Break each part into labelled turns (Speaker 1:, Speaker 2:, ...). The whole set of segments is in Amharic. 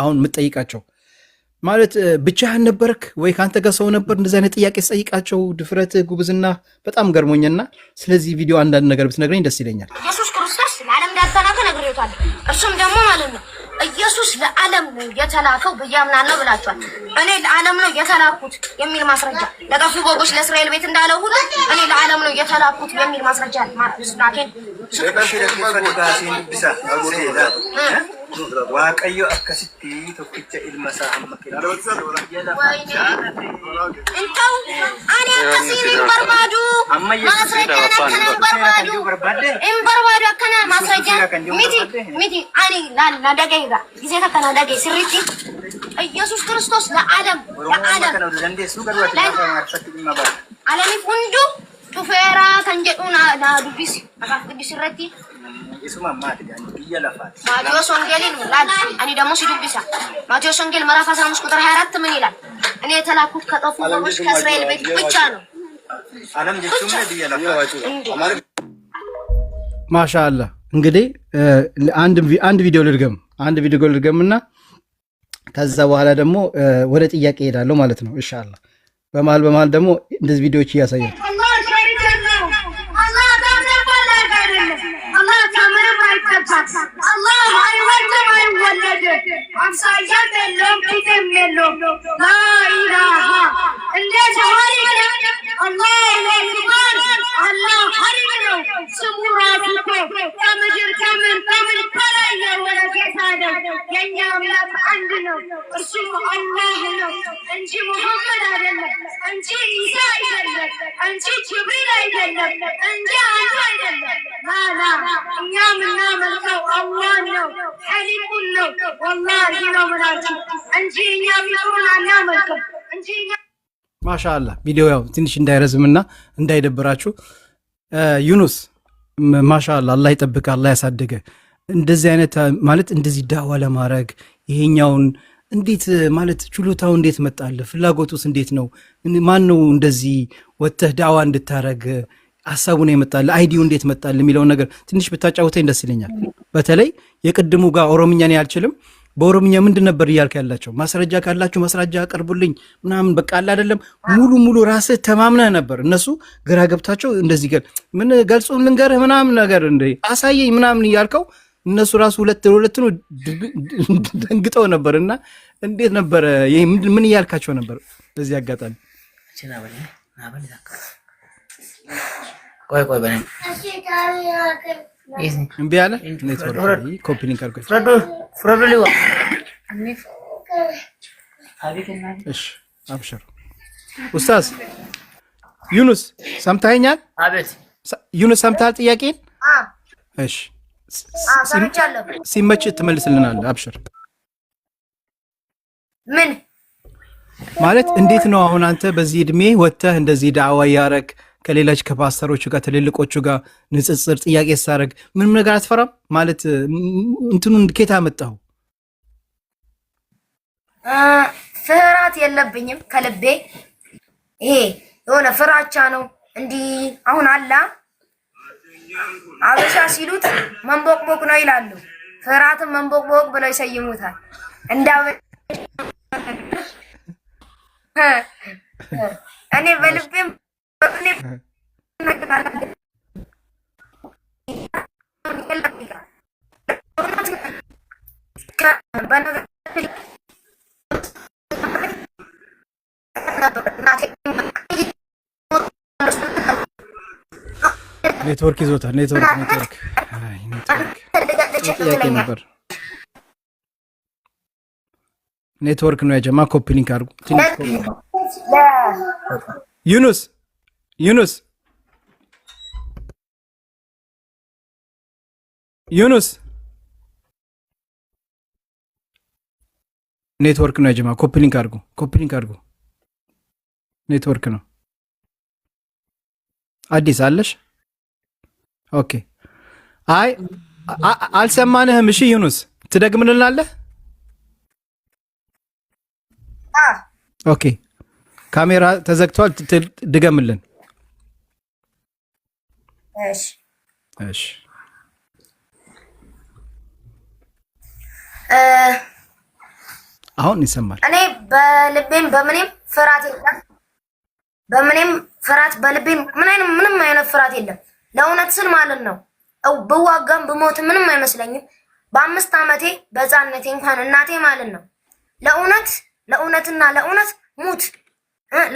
Speaker 1: አሁን የምትጠይቃቸው ማለት ብቻህን ነበርክ ወይ ከአንተ ጋር ሰው ነበር? እንደዚህ አይነት ጥያቄ ስጠይቃቸው ድፍረት፣ ጉብዝና በጣም ገርሞኝና ስለዚህ ቪዲዮ አንዳንድ ነገር ብትነግረኝ ደስ ይለኛል።
Speaker 2: ኢየሱስ ክርስቶስ ለዓለም እንዳልተላከ ነግሬዎታል። እርሱም ደግሞ ማለት ነው ኢየሱስ ለዓለም ነው የተላከው ብዬ አምናለሁ ብላችኋል። እኔ ለዓለም ነው የተላኩት የሚል ማስረጃ ለቀፉ በጎች ለእስራኤል ቤት እንዳለው ሁሉ እኔ ለዓለም ነው የተላኩት የሚል ማስረጃ
Speaker 3: Waaqayyo akkasitti tokkicha ilma isaa hamma kenne
Speaker 2: ani akkasii hin barbaadu. Maasrajaan akkanaa miti miti ani na dhagayga gisee akkanaa dhagay sirriitti. Yesuus Kiristoos na Adam na Adam alamiif hunduu dhufeeraa kan jedhu na dubbisi akaaf guddisi irratti.
Speaker 3: Isuma ይለፋል።
Speaker 2: ማቴዎስ እኔ ደግሞ ሲዱብሳ ማቴዎስ ወንጌል ምዕራፍ 15 ቁጥር 24 ምን ይላል? እኔ የተላኩት ከጠፉ ሰዎች ከእስራኤል ቤት ብቻ ነው።
Speaker 1: ማሻአላ እንግዲህ አንድ ቪዲዮ ልድገም፣ አንድ ቪዲዮ ልድገምና ከዛ በኋላ ደግሞ ወደ ጥያቄ እሄዳለሁ ማለት ነው። ኢንሻአላ በመሀል በመሀል ደግሞ እንደዚህ ቪዲዮዎች እያሳያችሁ
Speaker 4: አላህ አይወልድም አይወለድም፣ አምሳያም የለውም ፊትም የለውም። ላኢላሃ እንዴት ነው ነው ነው ከምን ከምን አንድ እንጂ አይደለም አይደለም አይደለም አይደለም እንጂ እንጂ እንጂ እኛ ነው ነው ነው አናመልክም እንጂ
Speaker 1: ማሻላ ቪዲዮ ያው ትንሽ እንዳይረዝምና እንዳይደብራችሁ። ዩኑስ ማሻላ አላህ ይጠብቅ፣ አላህ ያሳደገ እንደዚህ አይነት ማለት እንደዚህ ዳዋ ለማድረግ ይሄኛውን እንዴት ማለት ችሎታው እንዴት መጣለ ፍላጎቱስ እንዴት ነው? ማን ነው እንደዚህ ወተህ ዳዋ እንድታረግ ሀሳቡን የመጣለ አይዲው እንዴት መጣል የሚለውን ነገር ትንሽ ብታጫውተኝ ደስ ይለኛል። በተለይ የቅድሙ ጋር ኦሮምኛን አልችልም በኦሮምኛ ምንድን ነበር እያልክ ያላቸው? ማስረጃ ካላችሁ ማስረጃ ቀርቡልኝ ምናምን በቃ አለ አይደለም። ሙሉ ሙሉ ራስህ ተማምነህ ነበር። እነሱ ግራ ገብታቸው እንደዚህ ገል ምን ገልጾ ልንገርህ ምናምን ነገር እንደ አሳየኝ ምናምን እያልከው እነሱ ራሱ ሁለት ሁለት ደንግጠው ነበር። እና እንዴት ነበረ ምን እያልካቸው ነበር? በዚህ አጋጣሚ ቆይ ቆይ እምቢ አለ። ኮፒ ሊንክ አድርጎ አብሽር። ኡስታዝ ዩኑስ ሰምተኸኛል? ዩኑስ ሰምተሃል ጥያቄን? እሺ ሲመች ትመልስልናለህ። አብሽር። ምን ማለት እንዴት ነው አሁን አንተ በዚህ እድሜ ወጥተህ እንደዚህ ዳዕዋ እያረግ ከሌሎች ከፓስተሮቹ ጋር ትልልቆቹ ጋር ንጽጽር ጥያቄ ሳደርግ ምንም ነገር አትፈራም ማለት እንትኑን ኬታ መጣሁ
Speaker 5: ፍርሃት የለብኝም ከልቤ ይሄ የሆነ ፍራቻ ነው እንዲህ አሁን አላ አበሻ ሲሉት መንቦቅቦቅ ነው ይላሉ ፍርሃትን መንቦቅቦቅ ብለው ይሰይሙታል እንዳ እኔ በልቤም
Speaker 1: ኔትወርክ ይዞታል። ኔትወርክ ኔትወርክ ጥያቄ ነበር። ኔትወርክ ነው ያጀማ። ኮፒ ሊንክ አድርጉ ዩኑስ ዩኑስ ዩኑስ ኔትወርክ ነው የጀማ ኮፕሊንክ አድርጎ ኮፕሊንክ አድርጎ ኔትወርክ ነው። አዲስ አለሽ? ኦኬ። አይ አልሰማንህም። እሺ ዩኑስ ትደግምልናለህ? ኦኬ። ካሜራ ተዘግቷል። ድገምልን። እሺ አሁን ይሰማል።
Speaker 5: እኔ በልቤም በምንም ፍርሃት የለም። በምንም ፍርሃት በልቤም ምን አይነት ምንም አይነት ፍርሃት የለም። ለእውነት ስል ማለት ነው። ብዋጋም ብሞት ምንም አይመስለኝም። በአምስት ዓመቴ በሕፃንነቴ እንኳን እናቴ ማለት ነው ለእውነት ለእውነትና ለእውነት ሙት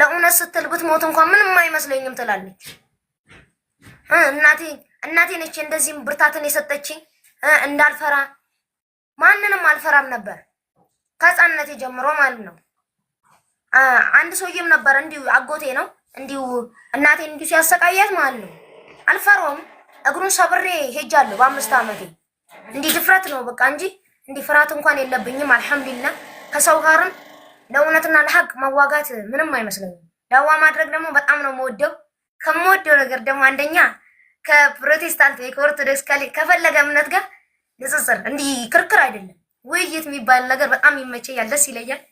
Speaker 5: ለእውነት ስትል ብትሞት እንኳን ምንም አይመስለኝም ትላለች። እናቴ እናቴ ነች እንደዚህም ብርታትን የሰጠችኝ። እንዳልፈራ ማንንም አልፈራም ነበር ከህፃንነቴ ጀምሮ ማለት ነው። አንድ ሰውዬም ነበር እንዲሁ አጎቴ ነው እንዲሁ እናቴ እንዲሁ ሲያሰቃያት ማለት ነው። አልፈራውም። እግሩን ሰብሬ ሄጃለሁ በአምስት ዓመቴ። እንዲህ ድፍረት ነው በቃ እንጂ እንዲህ ፍርሃት እንኳን የለብኝም። አልሐምዱሊላህ ከሰው ጋርም ለእውነትና ለሀቅ መዋጋት ምንም አይመስለኝም። ዳዋ ማድረግ ደግሞ በጣም ነው ወደው። ከምወደው ነገር ደግሞ አንደኛ ከፕሮቴስታንት ወይ ከኦርቶዶክስ ከፈለገ እምነት ጋር ንጽጽር እንዲህ ክርክር አይደለም፣ ውይይት የሚባል ነገር በጣም ይመቸኛል፣ ደስ ይለኛል።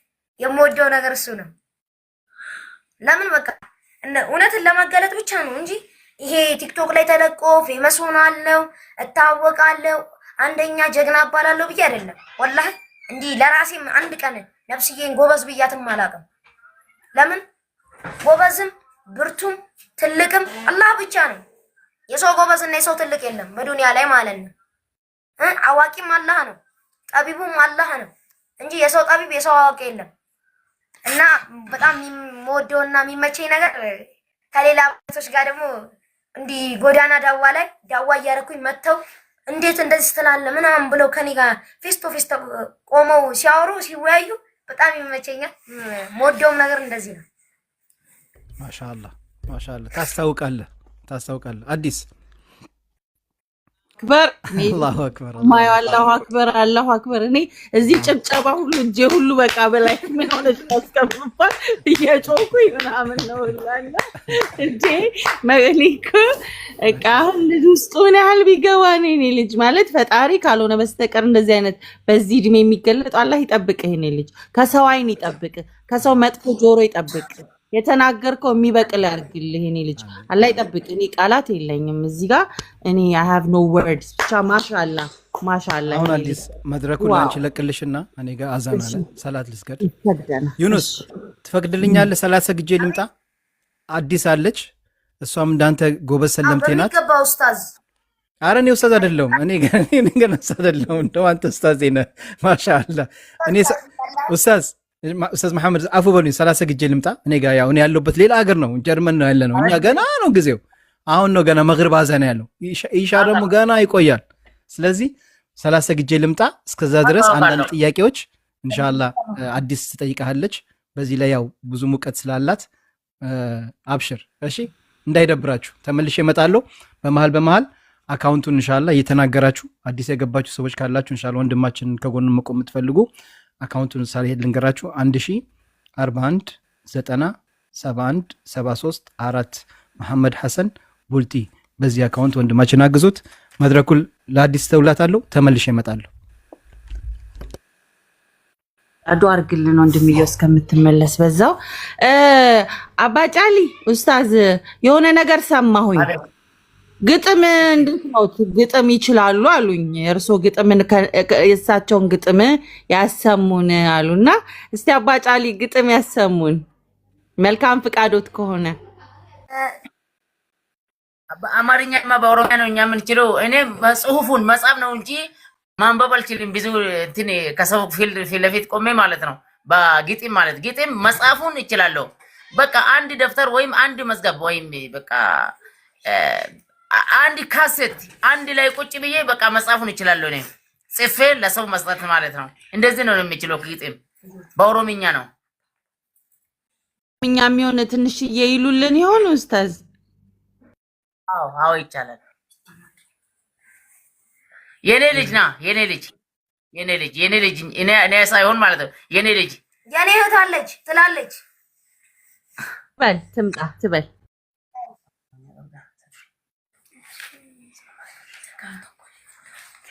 Speaker 5: የምወደው ነገር እሱ ነው። ለምን በቃ እውነትን ለማጋለጥ ብቻ ነው እንጂ ይሄ ቲክቶክ ላይ ተለቆ ፌመስ ሆናለሁ እታወቃለሁ አንደኛ ጀግና እባላለሁ ብዬ አይደለም። ወላሂ እንዲህ ለራሴም አንድ ቀን ነፍስዬን ጎበዝ ብያትም አላውቅም። ለምን ጎበዝም ብርቱም ትልቅም አላህ ብቻ ነው። የሰው እና የሰው ትልቅ የለም በዱንያ ላይ ማለት ነው። አዋቂም አላህ ነው፣ ጠቢቡም አላህ ነው እንጂ የሰው ጠቢብ የሰው አዋቂ የለም። እና በጣም የሚወደውና የሚመቸኝ ነገር ከሌላ ቶች ጋር ደግሞ እንዲህ ጎዳና ዳዋ ላይ ዳዋ እያደረኩኝ መጥተው እንዴት እንደዚህ ስትላለ ምናምን ብለው ከኔ ጋር ፌስ ቱ ፌስ ቆመው ሲያወሩ ሲወያዩ በጣም ይመቸኛል። መወደውም ነገር እንደዚህ ነው።
Speaker 1: ማሻላ ማሻላ ታስታውቃለህ ታስታውቃለህ አዲስ አክበር አላሁ አክበር
Speaker 6: አላሁ አክበር አላሁ አክበር። እኔ እዚህ ጭብጨባ ሁሉ እጄ ሁሉ በቃ በላይ ምንሆነች ያስቀምባል እየጮኩ ምናምን ነው ላለ እጄ መሊክ በቃ አሁን ልጅ ውስጥ ሆነ ያህል ቢገባ ነው የኔ ልጅ ማለት ፈጣሪ ካልሆነ በስተቀር እንደዚህ አይነት በዚህ እድሜ የሚገለጥ አላህ ይጠብቅህ። የኔ ልጅ ከሰው አይን ይጠብቅ፣ ከሰው መጥፎ ጆሮ ይጠብቅ። የተናገርከው የሚበቅል ያርግልህ። እኔ ልጅ አላህ ይጠብቅ። እኔ ቃላት የለኝም እዚህ ጋር እኔ አይ ሃቭ ኖ ወርድስ። ብቻ ማሻላ ማሻላ።
Speaker 1: አሁን አዲስ መድረኩን አንቺ ለቅልሽና እኔ ጋር አዛን አለ ሰላት ልስገድ። ዩኑስ ትፈቅድልኛለህ? ሰላት ሰግጄ ልምጣ። አዲስ አለች እሷም እንዳንተ ጎበዝ ሰለምቴ ናት። አረ እኔ ኡስታዝ አይደለሁም። እኔ ገና ኡስታዝ አይደለሁም። እንደው አንተ ኡስታዝ ነህ። ማሻአላ እኔ ኡስታዝ ኡስታዝ መሐመድ አፉ በሉኝ ሰላሳ ግጄ ልምጣ። እኔ ጋ ያው ያለሁበት ሌላ ሀገር ነው፣ ጀርመን ነው ያለ ነው። እኛ ገና ነው ጊዜው፣ አሁን ነው ገና መግሪብ አዛ ያለው። ኢሻ ደግሞ ገና ይቆያል። ስለዚህ ሰላሳ ግጄ ልምጣ። እስከዛ ድረስ አንዳንድ ጥያቄዎች እንሻላ አዲስ ትጠይቀሃለች። በዚህ ላይ ያው ብዙ ሙቀት ስላላት አብሽር፣ እሺ እንዳይደብራችሁ። ተመልሼ እመጣለሁ። በመሀል በመሀል አካውንቱን እንሻላ እየተናገራችሁ አዲስ የገባችሁ ሰዎች ካላችሁ እንሻላ ወንድማችንን ከጎን መቆም የምትፈልጉ አካውንቱን ሳልሄድ ልንገራችሁ 1041 90 71 73 አራት መሐመድ ሐሰን ቡልቲ። በዚህ አካውንት ወንድማችን አግዙት። መድረኩን ለአዲስ ተውላት አለው። ተመልሼ እመጣለሁ።
Speaker 6: ዱዓ አድርግልን ወንድምየው እስከምትመለስ በዛው። አባጫሊ ኡስታዝ የሆነ ነገር ሰማሁኝ። ግጥም እንድትሞት ግጥም ይችላሉ አሉኝ። እርስዎ ግጥምን የእሳቸውን ግጥም ያሰሙን አሉና እስቲ አባጫሊ ግጥም ያሰሙን መልካም ፍቃዶት ከሆነ
Speaker 7: በአማርኛማ በኦሮሚያ ነው እኛ የምንችለው። እኔ ጽሁፉን መጽሐፍ ነው እንጂ ማንበብ አልችልም። ብዙ እንትን ከሰው ፊልድ ፊት ለፊት ቆሜ ማለት ነው። በግጥም ማለት ግጥም መጽሐፉን ይችላለሁ። በቃ አንድ ደብተር ወይም አንድ መዝገብ ወይም በቃ አንድ ካሴት አንድ ላይ ቁጭ ብዬ በቃ መጽሐፉን እችላለሁ እኔ ጽፌ ለሰው መስጠት ማለት ነው። እንደዚህ ነው የሚችለው። ግጥም በኦሮምኛ ነው።
Speaker 6: ኦሮምኛ የሚሆነ ትንሽ እየይሉልን ይሆን ኡስታዝ?
Speaker 7: አዎ አዎ፣ ይቻላል። የኔ ልጅ ና የኔ ልጅ የኔ ልጅ የኔ ልጅ እኔ ሳይሆን ማለት ነው። የኔ ልጅ
Speaker 5: የኔ እህት አለች ትላለች።
Speaker 6: በል ትምጣ ትበል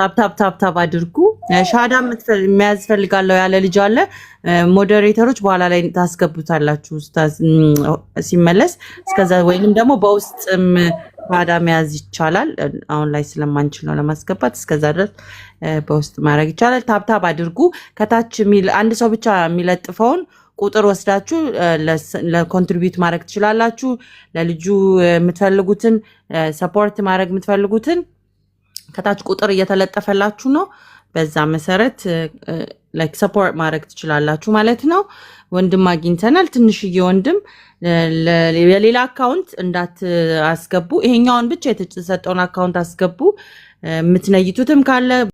Speaker 6: ታፕታፕ ታብታብ አድርጉ። ሻዳ መያዝ ፈልጋለሁ ያለ ልጅ አለ። ሞዴሬተሮች በኋላ ላይ ታስገቡታላችሁ ሲመለስ። እስከዛ ወይንም ደግሞ በውስጥም ሻዳ መያዝ ይቻላል። አሁን ላይ ስለማንችል ነው ለማስገባት። እስከዛ ድረስ በውስጥ ማድረግ ይቻላል። ታብታብ አድርጉ። ከታች አንድ ሰው ብቻ የሚለጥፈውን ቁጥር ወስዳችሁ ለኮንትሪቢዩት ማድረግ ትችላላችሁ። ለልጁ የምትፈልጉትን ሰፖርት ማድረግ የምትፈልጉትን ከታች ቁጥር እየተለጠፈላችሁ ነው። በዛ መሰረት ላይክ ሰፖርት ማድረግ ትችላላችሁ ማለት ነው። ወንድም አግኝተናል። ትንሽዬ ወንድም የሌላ አካውንት እንዳት አስገቡ ይሄኛውን ብቻ የተሰጠውን አካውንት አስገቡ። የምትነይቱትም ካለ